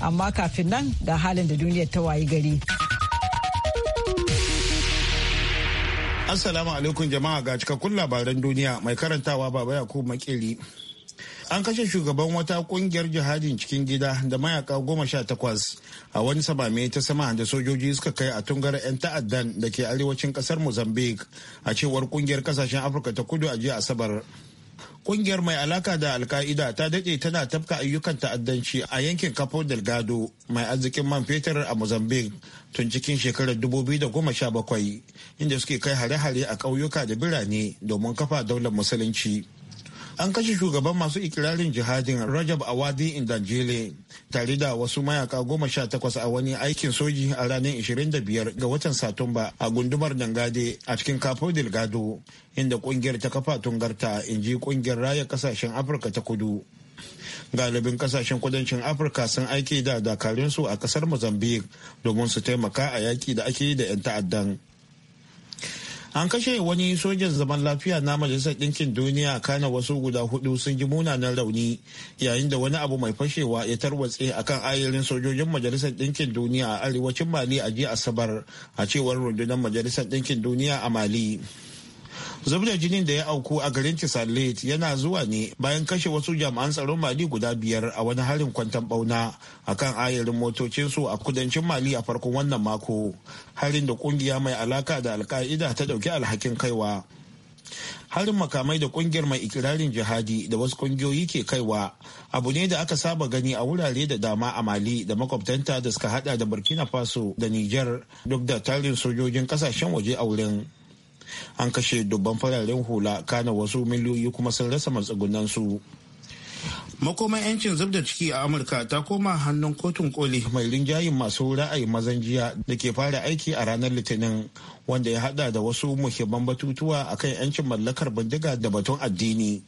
amma kafin nan ga halin da duniyar ta wayi gari. Assalamu alaikum jama'a ga cikakkun labaran duniya mai karantawa baba Yakubu Makeri. An kashe shugaban wata kungiyar jihadin cikin gida da mayaka goma sha takwas a wani samame ta sama da sojoji suka kai a tungar 'yan ta'addan da ke arewacin kasar Mozambique a cewar kungiyar kasashen Afirka ta kudu a jiya Asabar. Kungiyar mai alaka da Alka'ida ta dade tana tafka ayyukan ta'addanci a yankin Capo Delgado mai arzikin man fetur a Mozambique tun cikin shekarar 2017 inda suke kai hare-hare a ƙauyuka da birane domin kafa daular musulunci. an kashe shugaban masu ikirarin jihadin rajab awadi indanjele tare da wasu mayaka goma sha takwas a wani aikin soji a ranar biyar ga watan satumba a gundumar dangade a cikin capo delgado inda kungiyar ta kafa tungarta in ji kungiyar raya kasashen afirka ta kudu galibin kasashen kudancin afirka sun aiki da dakarunsu a kasar mozambique domin su taimaka a yaki da ake yi da 'yan ta'addan an kashe wani sojan zaman lafiya na majalisar ɗinkin duniya kana wasu guda hudu sun ji munanan rauni yayin da wani abu mai fashewa ya tarwatse a kan ayarin sojojin majalisar ɗinkin duniya a arewacin mali a jiya asabar a cewar rundunar majalisar ɗinkin duniya a mali zubda jinin da ya auku a garin Tisalit yana zuwa ne bayan kashe wasu jami'an tsaron Mali guda biyar a wani harin kwantan bauna kan ayarin motocinsu a kudancin Mali a farkon wannan mako. Harin da kungiya mai alaka da alka'ida ta dauki alhakin kaiwa. harin makamai da kungiyar mai ikirarin jihadi da wasu kungiyoyi ke kaiwa abu ne da aka saba gani a wurare da dama a mali da makwabtanta da suka hada da burkina faso da niger duk da tarin sojojin kasashen waje a wurin an kashe dubban fararen hula kana wasu miliyoyi kuma sun rasa matsugunansu makoman yancin zub da ciki a amurka ta koma hannun kotun koli mai rinjayin masu ra'ayi mazan jiya da ke fara aiki a ranar litinin wanda ya hada da wasu muhimman batutuwa akan yancin mallakar bindiga da batun addini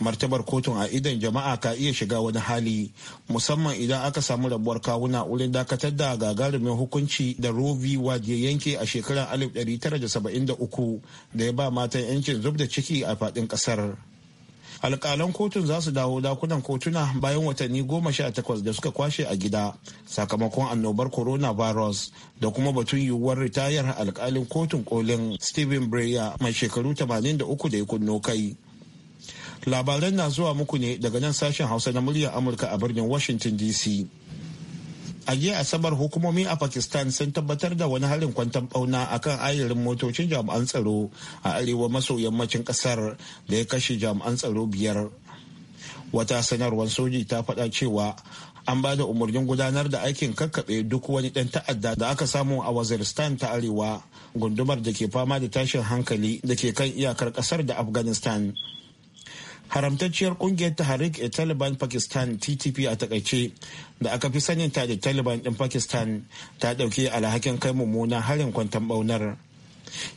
martabar kotun a idan jama'a ka iya shiga wani hali musamman idan aka samu rabuwar kawuna wurin dakatar da gagarumin hukunci da roe v wade ya yanke a shekarar 1973 da ya ba matan yancin zub da ciki a faɗin ƙasar alƙalan kotun za su dawo dakunan kotuna bayan watanni goma sha takwas da suka kwashe a gida sakamakon annobar coronavirus da kuma batun yiwuwar ritayar alkalin kotun kolin stephen breyer mai shekaru 83 da ya kunno kai labaran na zuwa muku ne daga nan sashen hausa na muryar amurka a birnin washington dc a jiya asabar hukumomi a pakistan sun tabbatar da wani harin kwantan bauna akan ayarin motocin jami'an tsaro a arewa maso yammacin kasar da ya kashe jami'an tsaro biyar wata sanarwar soji ta faɗa cewa an ba da umarnin gudanar da aikin kakkaɓe duk wani ɗan ta'adda da aka samu a waziristan ta arewa gundumar da ke fama da tashin hankali da ke kan iyakar ƙasar da afghanistan haramtacciyar kungiyar taharik e taliban pakistan ttp a takaice da aka fi sanin ta da taliban din pakistan ta dauki alhakin kai mummunan harin kwantan baunar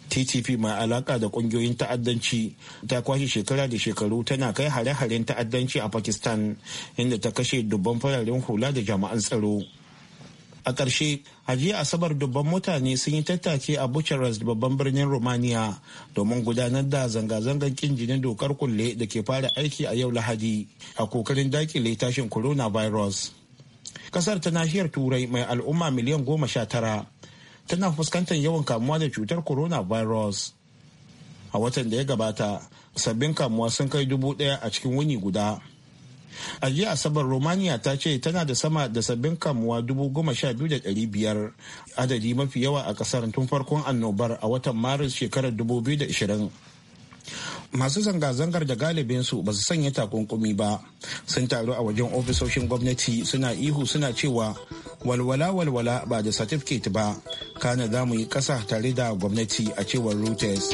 ttp mai alaka da kungiyoyin ta'addanci ta kwashe shekara da shekaru tana kai hare-haren ta'addanci a pakistan inda ta kashe dubban fararen hula da jama'an tsaro a ƙarshe a jiya asabar dubban mutane sun yi tattaki a bucharest babban birnin romania domin gudanar da zanga-zangar kin jinin dokar kulle da ke fara aiki a yau lahadi a kokarin dakile tashin coronavirus kasar ta nahiyar turai mai al'umma miliyan goma sha tara tana fuskantar yawan kamuwa da cutar coronavirus a watan da ya gabata sabbin kamuwa sun kai dubu ɗaya a cikin wuni guda a jiya asabar romania ta ce tana da sama da sabbin kamuwa biyar adadi mafi yawa a kasar tun farkon annobar a watan maris shekarar 2020 masu zanga-zangar da galibinsu ba su sanya takunkumi ba sun taru a wajen ofisoshin gwamnati suna ihu suna cewa walwala walwala ba da satifiket ba kana za mu yi kasa tare da gwamnati a cewar reuters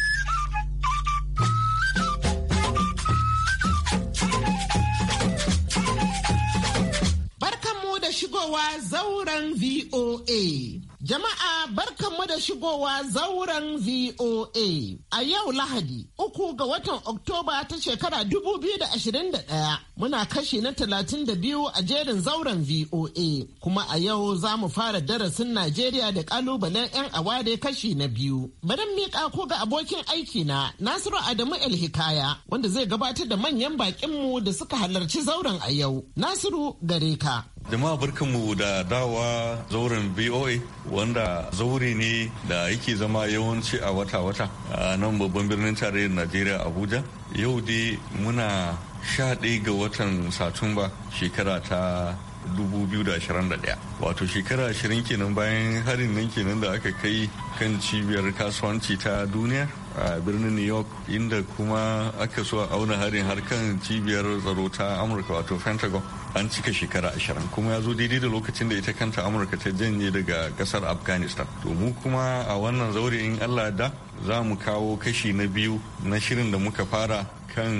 shigowa zauren VOA. Jama'a barkanmu da shigowa zauren VOA. A yau Lahadi, uku ga watan Oktoba ta shekara 2021 muna kashi na 32 a jerin zauren VOA. Kuma a yau za mu fara darasin Najeriya da kalubalen 'yan Awade kashi na biyu. Bari miƙa ko ga abokin aiki na, Nasiru Adamu El Hikaya wanda zai gabatar da manyan baƙinmu da suka halarci zauren a yau. Nasiru gare ka. Jama'a barkanmu da dawa zauren BOA wanda zaure ne da yake zama yawanci a wata-wata a nan babban birnin tarayyar Najeriya Abuja. Yau dai muna sha ɗaya ga watan Satumba shekara ta 2021 wato shekara ashirin kenan bayan harin nan kenan da aka kai kan cibiyar kasuwanci ta duniya a birnin new york inda kuma aka so a auna harin harkan cibiyar tsaro ta amurka wato pentagon an cika shekara ashirin kuma ya zo daidai da lokacin da ita kanta amurka ta janye daga kasar afghanistan to mu kuma a wannan zaure in allah da za mu kawo kashi na biyu na shirin da muka fara kan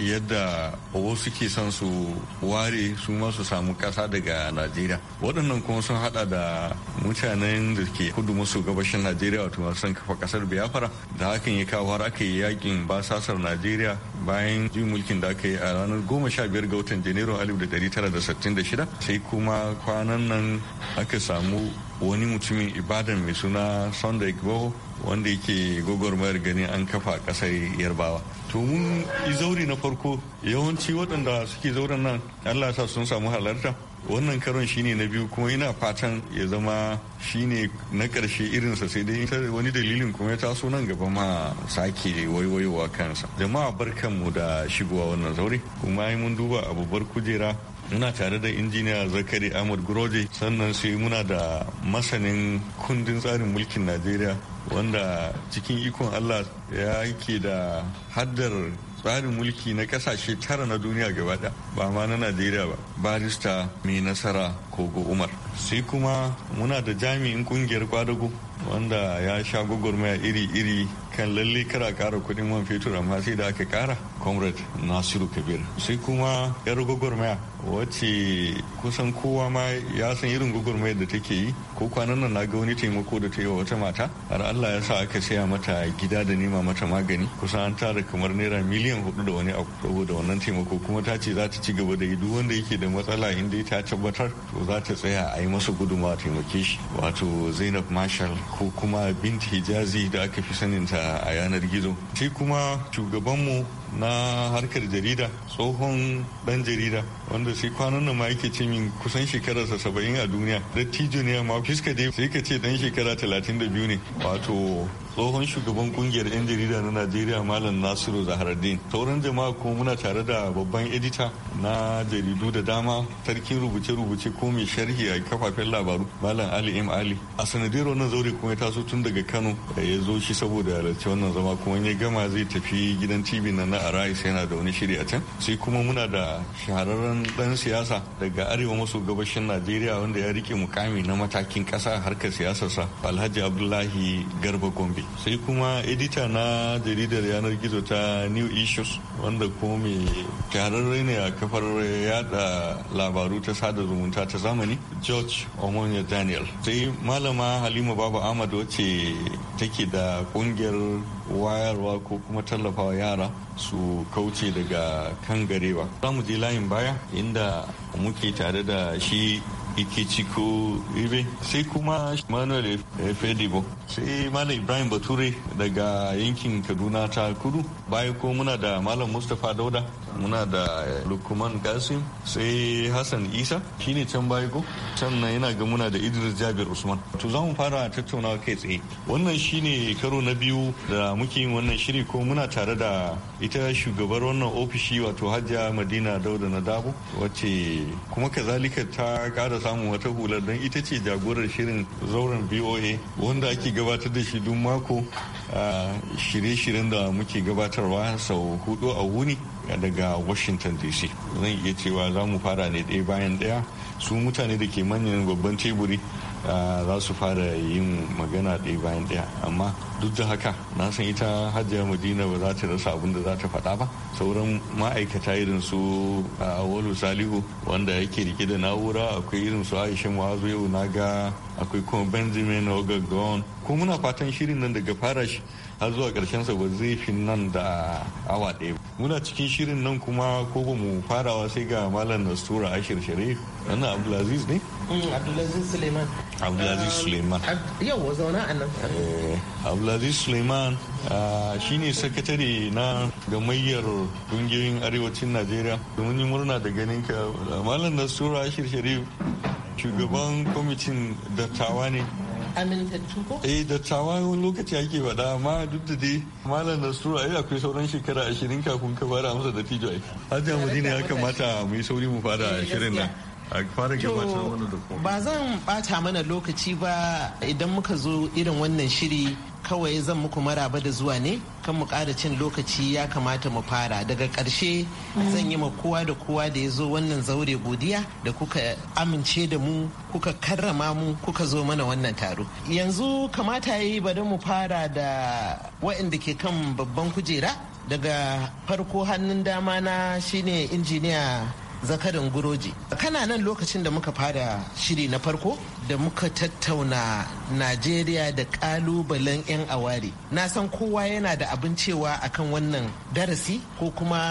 yadda owo suke son su ware su ma su samu kasa daga najeriya waɗannan kuma sun hada da mutanen da ke kudu maso gabashin najeriya wato masu son kafa kasar biafra da hakan ya kawo har aka yi yakin basasar najeriya bayan jin mulkin da aka yi a ranar goma sha biyar ga watan janairu alif da dari tara da sittin da shida sai kuma kwanan nan aka samu wani mutumin ibadan mai suna sunday gbo wanda yake gwagwarmayar ganin an kafa kasar yarbawa to mun zauri na farko yawanci waɗanda suke zauren nan allah sa sun samu halarta wannan karon shine na biyu kuma ina fatan ya zama shine na karshe irinsa sai dai wani dalilin kuma ya taso nan gaba ma sake waiwaiwa kansa jama'a barkanmu da shigowa wannan zaure kuma yi mun duba abubuwar kujera muna tare da injiniya zakari ahmad guroje sannan sai muna da masanin kundin tsarin mulkin najeriya wanda cikin ikon allah ya ke da haddar tsarin mulki na kasashe tara na duniya gaba ba ma na najeriya ba barista mai nasara kogo umar sai kuma muna da jami'in kungiyar kwadago wanda ya sha gwagwarmaya iri-iri kan lalle kara kara kudin man fetur amma sai da aka kara comrade nasiru kabir sai kuma yar gwagwarmaya wacce kusan kowa ma ya san irin gwagwarmayar da take yi ko kwanan nan na ga wani taimako da ta yi wa wata mata har allah ya sa aka saya mata gida da nema mata magani kusan an tara kamar naira miliyan hudu da wani abu saboda wannan taimako kuma ta ce za ta ci gaba da yi duk wanda yake da matsala inda ta tabbatar to za ta tsaya a yi masa gudunmawa taimake shi wato zainab marshall ko kuma binti hijazi da aka fi saninta da a yanar gizo shi kuma shugabanmu na harkar jarida tsohon dan jarida wanda sai kwanan nan ma yake ce min kusan shekararsa saba'in a duniya dattijo ne amma fiska dai sai ka ce dan shekara talatin da biyu ne wato tsohon shugaban kungiyar 'yan jarida na najeriya malam nasiru zaharaddin sauran jama'a kuma muna tare da babban edita na jaridu da dama tarkin rubuce-rubuce ko mai sharhi a kafafen labaru malam ali m ali a sanadiyar wannan zaure kuma ya taso tun daga kano ya zo shi saboda halarci wannan zama kuma ya gama zai tafi gidan tv na na arais yana da wani shiri a can sai kuma muna da shahararren dan siyasa daga arewa maso gabashin najeriya wanda ya rike mukami na matakin kasa harkar siyasarsa alhaji abdullahi garba gombe sai kuma edita na jaridar yanar gizo ta new issues wanda kuma mai shahararre ne a kafar yada labaru ta sada zumunta ta zamani george omonia daniel sai malama halima baba ahmad wacce take da kungiyar wayarwa ko kuma tallafawa yara su kauce daga kan garewa za mu je layin baya inda muke tare da shi Ikechiko Ibe sai kuma Manuel Efedibo sai Malam Ibrahim Bature daga yankin Kaduna ta kudu bayan ko muna da Malam Mustapha Dauda muna da eh, Lukman Kasim sai Hassan Isa shine can baya ko sannan yana ga muna da Idris Jabir Usman to za mu fara tattaunawa kai tsaye wannan shine karo na biyu da muke yin wannan shiri ko muna tare da ita shugabar wannan ofishi wato hajja Madina Dauda na Dabo wacce kuma kazalika ta kara samun wata hular don ita ce jagorar shirin zauren voa wanda ake gabatar da shi duk mako a shirye-shiryen da muke gabatarwa sau hudu a wuni daga washington dc zan iya cewa za mu fara ne daya bayan ɗaya su mutane da ke manyan babban teburi Ah, za su fara yin magana ɗaya bayan ɗaya amma duk da haka na san ita hajjiya madina ba za ta rasa abin da za ta faɗa ba sauran ma'aikata irin su a ah, awalu salihu wanda yake rike da na'ura akwai irin su aisha mu'azu yau na ga akwai kuma benjamin ogagon ko muna fatan shirin nan daga fara shi har zuwa karshen sa ba zai fi nan da awa ɗaya muna cikin shirin nan kuma ko ba mu farawa sai ga malam nastura ashir sharif wannan abdulaziz ne mm, abdulaziz suleiman abdulaziz um, suleiman yau zauna a nan eh, abdulaziz suleiman ah, shine sakatare na gamayyar ƙungiyoyin arewacin najeriya domin yi murna da ganin ka malam nastura ashir sharif shugaban kwamitin dattawa ne amintattu ko? Eh dattawa lokaci ake faɗa amma duk da dai malam Nasiru ai akwai sauran shekara ashirin kafin ka fara masa da tijo aiki. Hajiya Madina ya kamata mu yi sauri mu fara eh, shirin nan. wani da ba zan bata mana lokaci ba idan muka zo irin wannan shiri kawai zan muku maraba da zuwa ne kan mu ƙara cin lokaci ya kamata mu fara daga ƙarshe zan yi ma kowa da kowa da ya zo wannan zaure godiya da kuka amince da mu kuka karrama mu kuka zo mana wannan taro yanzu kamata yi bari mu fara da waɗanda ke kan babban kujera daga farko hannun dama na shine injiniya zakarin guroji kana nan lokacin da muka fara shiri na farko da muka tattauna najeriya da kalubalen 'yan aware na san kowa yana da abin cewa akan wannan darasi ko kuma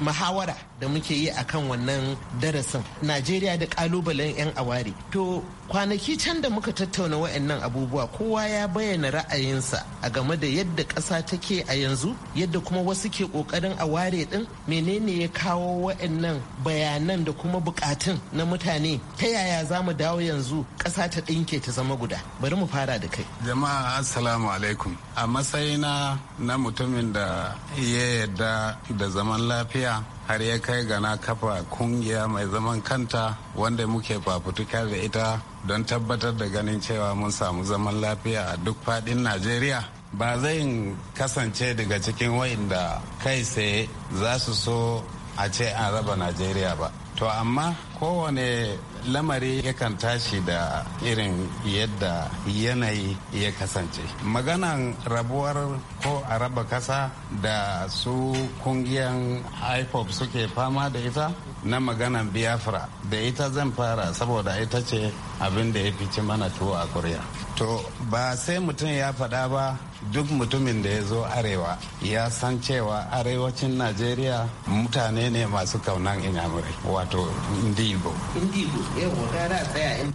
muhawara da muke yi akan wannan darasin najeriya da kalubalen 'yan aware to kwanaki can da muka tattauna wa'annan abubuwa kowa ya bayyana ra'ayinsa a game da yadda ƙasa take a yanzu yadda kuma wasu ke ƙoƙarin a ware ɗin menene ya kawo wa'annan bayanan da kuma buƙatun na mutane ta yaya za mu dawo yanzu ƙasa ta ɗinke ta zama guda bari mu fara da kai jama'a assalamu alaikum a matsayina na mutumin da ya yarda da zaman lafiya har ya kai ga na kafa kungiya mai zaman kanta wanda muke fafutuka da ita don tabbatar da ganin cewa mun samu zaman lafiya a duk faɗin najeriya ba zan kasance daga cikin wa'inda kai sai za su so a ce an raba najeriya ba to amma kowane lamari yakan tashi da irin yadda yanayi ya kasance maganan rabuwar ko a raba kasa da su kungiyan ipop suke fama da ita na magana biafra da ita zan fara saboda ita ce abin da ya ci mana tuwo a kuriya to ba sai mutum ya faɗa ba duk mutumin da ya zo arewa ya san cewa arewacin najeriya mutane ne masu kaunan inyamurai wato ndibo ndibo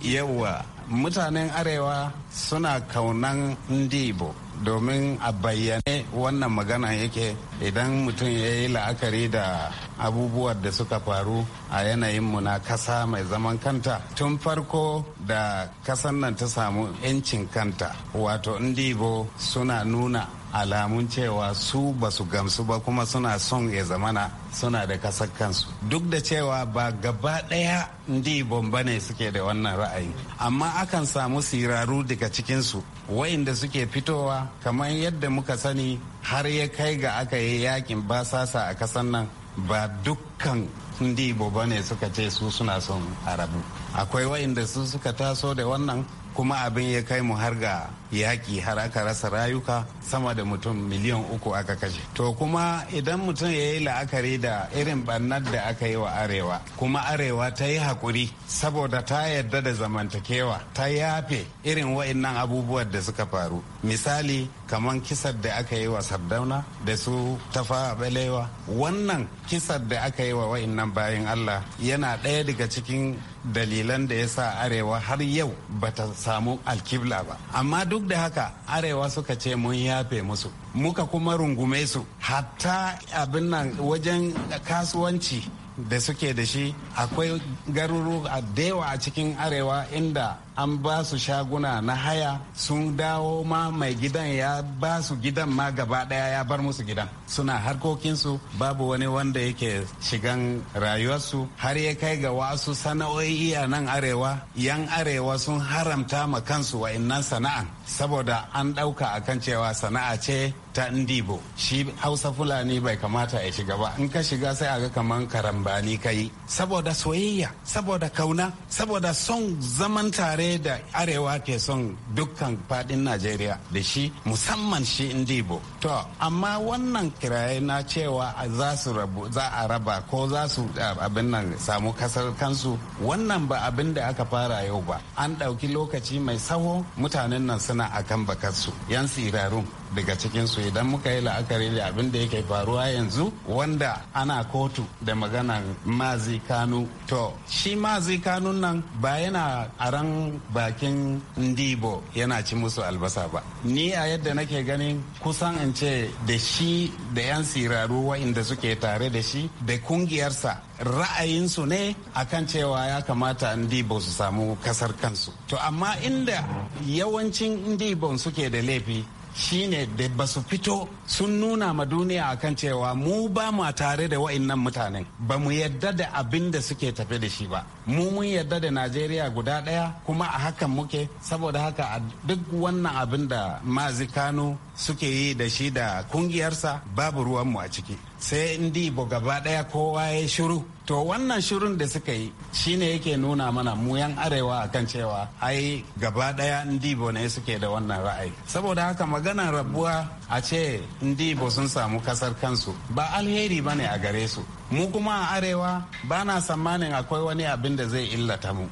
yawwa mutanen arewa suna kaunan ndibo domin a bayyane wannan magana yake idan mutum ya yi la'akari da abubuwan da suka faru a yanayinmu na kasa mai zaman kanta tun farko da kasan nan ta samu 'yancin kanta wato ndibo suna nuna alamun cewa su ba su gamsu ba kuma suna son ya zamana suna da kasar kansu duk da cewa ba gaba ɗaya ndi bomba ne suke da wannan ra'ayi amma akan samu siraru daga cikinsu wayanda suke fitowa kamar yadda muka sani har ya kai ga aka yi yakin basasa a kasan nan ba dukkan ndi bomba ne suka ce su suna son arabu akwai wayanda su suka taso da wannan kuma abin ya kai mu har ga yaƙi har aka rasa rayuka sama da mutum miliyan uku aka kashe to kuma idan mutum ya yi la'akari da irin bannar da aka yi wa arewa kuma arewa ta yi haƙuri saboda ta yarda da zamantakewa ta yafe irin wa'innan abubuwan da suka faru misali kamar kisar da aka yi wa sardauna da su tafa balewa wannan kisar da aka yi wa wa'innan bayan allah yana ɗaya daga cikin dalilan da ya sa arewa har yau bata samu alkibla ba amma duk duk da haka arewa suka ce mun yafe musu muka kuma rungume su hatta abin nan wajen kasuwanci da suke da shi akwai garuru a dewa a cikin arewa inda an ba su shaguna na haya sun dawo ma mai gidan ya ba su gidan ma gaba daya ya bar musu gidan suna harkokinsu babu wani wanda yake shigan rayuwarsu har ya kai ga wasu sana'o'i a nan arewa yan arewa sun haramta ma kansu innan sana'a saboda an ɗauka kan cewa sana'a ce ta ndibo shi hausa fulani bai kamata ya shiga ba in ka shiga sai a ga kaman karambani kai saboda soyayya saboda kauna saboda son zaman tare da arewa ke son dukkan fadin najeriya da shi musamman shi indibo to amma wannan kiraye na cewa za su rabu za a raba ko za su abin nan samu kasar kansu wannan ba abin da aka fara yau ba an ɗauki lokaci mai tsawo mutanen nan suna akan bakarsu yan tsirarun. daga cikinsu idan muka yi la'akari da abin da yake faruwa yanzu wanda ana kotu da maganan mazi kanu to shi mazi kanun nan ba yana aran bakin ndibo yana ci musu albasa ba ni a yadda nake ganin kusan in ce da shi da 'yan siraru wa'inda suke tare da shi da kungiyarsa ra'ayinsu ne akan cewa ya kamata ndibo su samu kasar kansu to amma inda yawancin ndibon suke da laifi shine da ba su fito sun nuna ma duniya akan cewa mu ba mu tare da wa'annan mutanen ba mu yadda da abin da suke tafe da shi ba mu mun yadda da najeriya guda daya kuma a hakan muke saboda haka a duk wannan abin da mazi kano suke yi da shi da kungiyarsa babu ruwanmu a ciki sai indibo gaba daya kowa ya shiru to wannan shirun da suka yi shine yake nuna mana mu yan arewa akan cewa ai gaba daya ndibo ne suke da wannan ra'ayi saboda haka maganar rabuwa a ce ndibo sun samu kasar kansu ba alheri bane a gare su mu kuma a arewa ba na tsammanin akwai wani abin da zai illata mu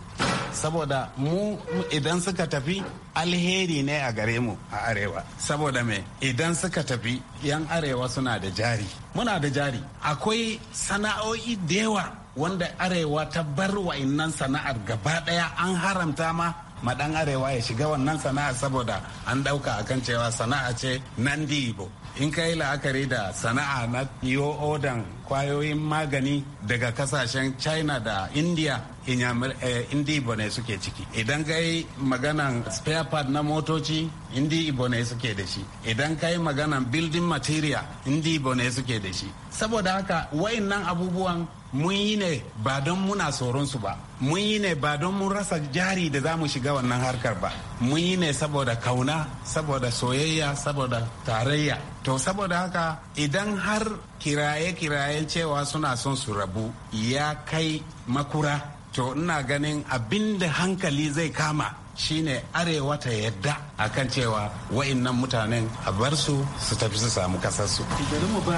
saboda mu idan suka tafi alheri ne a gare mu a arewa saboda me idan suka tafi yan arewa suna da jari muna da jari akwai sana'o'i da yawa wanda arewa ta bar wa'innan sana'ar gaba daya an haramta ma madan arewa ya shiga wannan sana'a saboda an dauka kan cewa sana'a ce nan ibo in ka yi la'akari da sana'a na iyo odan kwayoyin magani daga kasashen china da india Eh, indi ibone suke ciki idan kai magana maganan spare part na motoci indi ibone suke da shi idan kai magana maganan building material indi ibone suke da shi saboda haka wayannan abubuwan mun yi ne ba don muna su ba mun yi ne ba don mun rasa jari da za mu shiga wannan harkar ba mun yi ne saboda kauna saboda soyayya saboda tarayya to saboda haka idan har kiraye-kirayen cewa suna son su rabu ya kai makura to ina ganin abinda hankali zai kama shine arewa ta yadda akan cewa wa'innan mutanen a bar su su tafi su samu kasarsu. bari mu ba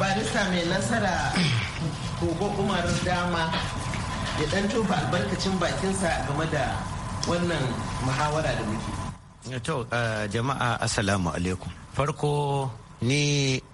barista mai nasara gogo umar dama ya dan tofa albarkacin bakinsa game da wannan muhawara da muke. to uh, jama'a assalamu alaikum farko ni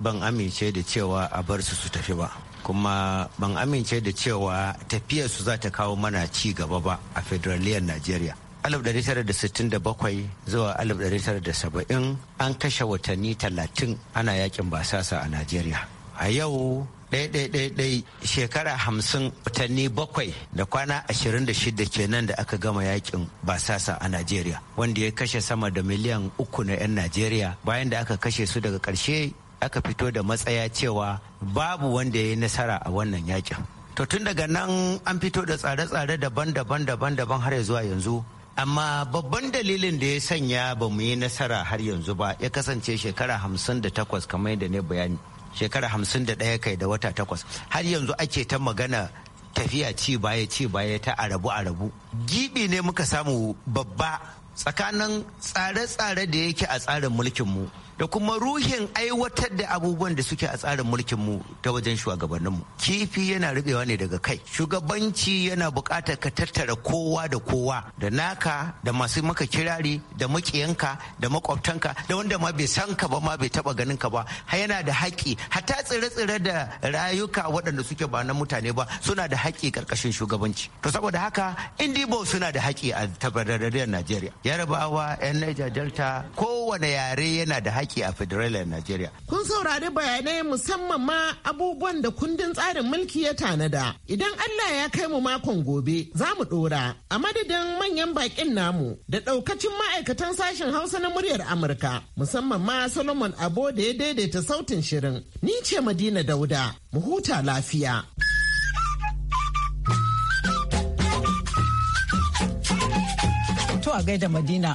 ban amince da cewa a bar su su tafi ba kuma ban amince da cewa tafiyar su za ta kawo mana ci gaba ba a federaliyar najeriya 1967 zuwa 1970 an kashe watanni 30 ana yakin basasa a najeriya a yau ɗaiɗaiɗaiɗai shekara hamsin watanni bakwai da kwana ashirin da shida kenan da aka gama yakin basasa a najeriya wanda ya kashe sama da miliyan uku na 'yan najeriya bayan da aka kashe su daga ƙarshe aka fito da matsaya cewa babu wanda ya yi nasara a wannan yakin to tun daga nan an fito da tsare-tsare daban-daban daban-daban har zuwa yanzu amma babban dalilin da ya sanya ba mu yi nasara har yanzu ba ya kasance shekara hamsin da takwas kamar yadda ne bayani shekara hamsin da ɗaya kai da wata takwas har yanzu ake ta magana tafiya ci baya ci baya ta arabu arabu gibi ne muka samu babba tsakanin tsare-tsare da yake a tsarin mulkin mu da kuma ruhin aiwatar da abubuwan da suke a tsarin mulkin mu ta wajen shugabanninmu kifi yana rubewa ne daga kai shugabanci yana bukatar ka tattara kowa da kowa da naka da masu maka kirari da makiyanka da makwabtanka da wanda ma bai san ka ba ma bai taba ganin ka ba har yana da haƙƙi hatta tsire-tsire da rayuka waɗanda suke ba na mutane ba suna da haƙƙi ƙarƙashin shugabanci to saboda haka indibo suna da haƙƙi a tabbatararriyar najeriya yarabawa yan niger delta ko kowane yare yana da haƙƙi a federal Najeriya. Kun saurari bayanai musamman ma abubuwan da kundin tsarin mulki ya tanada. Idan Allah ya kai mu makon gobe za mu ɗora a madadin manyan baƙin namu da ɗaukacin ma'aikatan sashen Hausa na muryar Amurka musamman ma Solomon Abo da ya daidaita sautin shirin. Ni ce Madina Dauda, mu huta lafiya. To a gaida Madina.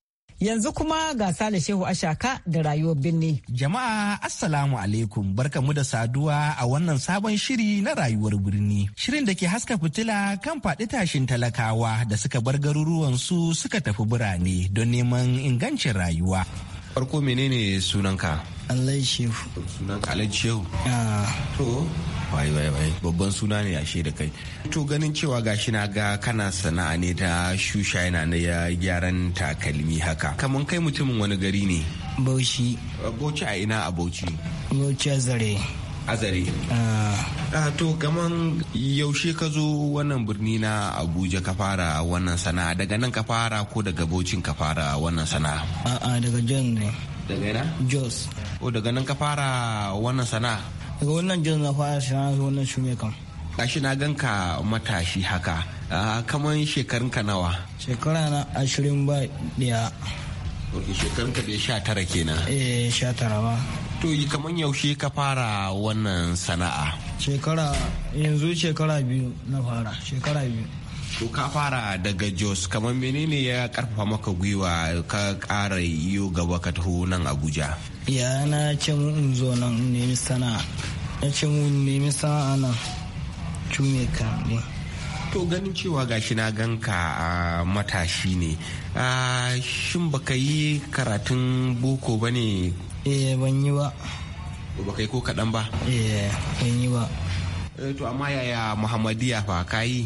Yanzu kuma ga Sale Shehu Ashaka da rayuwar birni. Jama'a Assalamu alaikum barkamu da saduwa a wannan sabon shiri na rayuwar birni. Shirin da ke haska fitila kan faɗi tashin talakawa da suka bar garuruwan su suka tafi birane don neman ingancin rayuwa. farko menene sunanka Allah shehu sunanka alai shehu to wai wai wai babban suna ne ashe da kai to ganin cewa gashi na ga kana sana'a ne da shusha yana na ya gyaran takalmi haka kamar kai mutumin wani gari ne bauchi bauchi a ina a bauchi bauchi a zare azare ah. Ah, to kaman yaushe ka zo wannan birni na abuja ka fara wannan sana'a daga nan ka fara ko daga Bauchi ka fara wannan sana'a a'a daga john ne daga yana jos o oh, daga nan ka fara wannan sana'a daga wannan Jos na fara sana'a wannan shume kan gashi na gan ka matashi haka ah, kaman shekarun ka nawa shekara na ashirin ba daya shekarun ka bai sha tara kenan eh sha tara ba to yi kamar yaushe ka fara wannan sana'a shekara yanzu shekara biyu na fara shekara biyu to ka fara daga jos kamar menene ya karfafa maka gwiwa ka kara yiwu gaba ka taho nan abuja ya na ce mu in zo nan nemi sana'a na ce mu nemi sana'a nan cume ka ne to ganin cewa gashi na ganka a matashi ne shin baka yi karatun boko ba ne eh ban yi ba ba kai ko kaɗan ba eh ban yi ba eh to amma yaya muhammadiya fa ka yi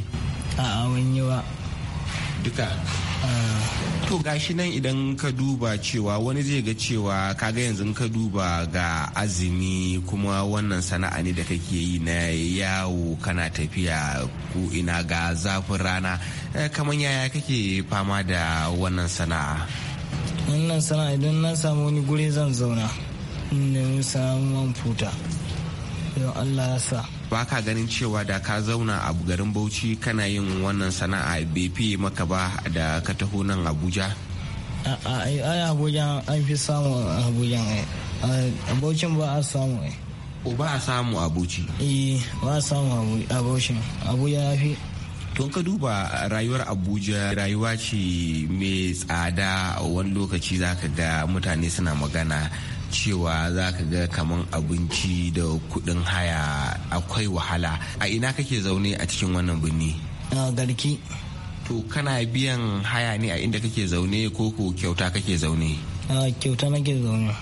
a'a ban yi ba duka ah. to gashi nan idan ka duba cewa wani zai ga cewa kaga yanzu ka duba ga azumi kuma wannan sana'a ne da kake yi na yawo kana tafiya ko ina ga zafin rana eh, kamar yaya kake fama da wannan sana'a Wannan sana'a sana idan na samu wani guri zan zauna in nemi samun futa yau allah ya sa ba ka ganin cewa da ka zauna a garin bauchi kana yin wannan sana'a bai fiye maka ba da ka taho nan abuja ai abuja an fi samu abuja a bauchin ba a samu ba a samu abuja eh ba a samu abuci abuja ya fi Tun ka duba rayuwar Abuja rayuwa ce mai tsada wani lokaci zaka ga mutane suna magana cewa za ka ga kaman abinci da kudin haya akwai wahala a ina kake zaune a cikin wannan birni garki to kana biyan haya ne a inda kake zaune ko ko kyauta kake zaune kyauta nake zaune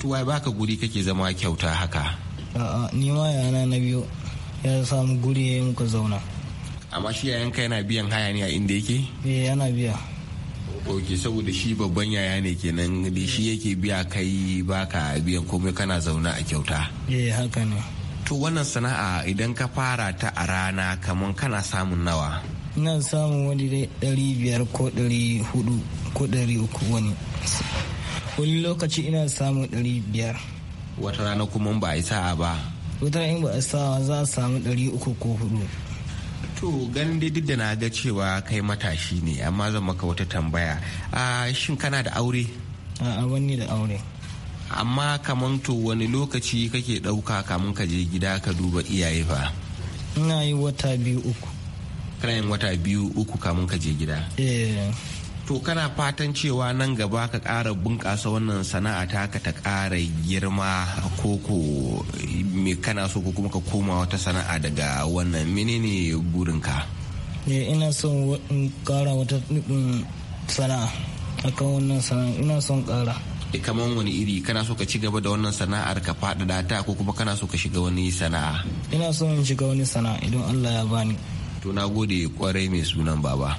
tuwa baka guri kake zama kyauta haka A'a ni ma yana na biyo ya samu guri ya yi muka zauna amma shi yayan ka yana biyan haya ne a inda yake eh yana biya ok saboda shi babban yaya ne kenan da shi yake biya kai baka biyan komai kana zaune a kyauta eh haka ne to wannan sana'a idan ka fara ta a rana kamar kana samun nawa ina samun wani dai ɗari biyar ko ɗari hudu ko ɗari uku wani wani lokaci ina samun ɗari biyar wata rana kuma ba a yi sa'a ba wata rana in ba a sa'a za a samu ɗari uku ko hudu to ganin dai duk da na ga cewa kai matashi ne amma zan maka wata tambaya shin kana da aure a wani da aure amma kamar to wani lokaci kake ɗauka kamun ka je gida ka duba iyaye fa ina yi wata biyu uku kana yin wata biyu uku kamun ka je gida eh to kana fatan cewa nan gaba ka ƙara bunƙasa wannan sana'a taka ta ƙara girma koko me kana so ko kuma ka koma wata sana'a daga wannan menene burinka eh, ina son in ƙara wata mm, sana'a akan wannan sana'a ina son ƙara eh, kaman wani iri kana so ka ci gaba da wannan sana'ar ka faɗaɗa ta ko kuma kana so ka shiga wani sana'a ina son in shiga wani sana'a idan allah ya bani to na gode kwarai mai sunan baba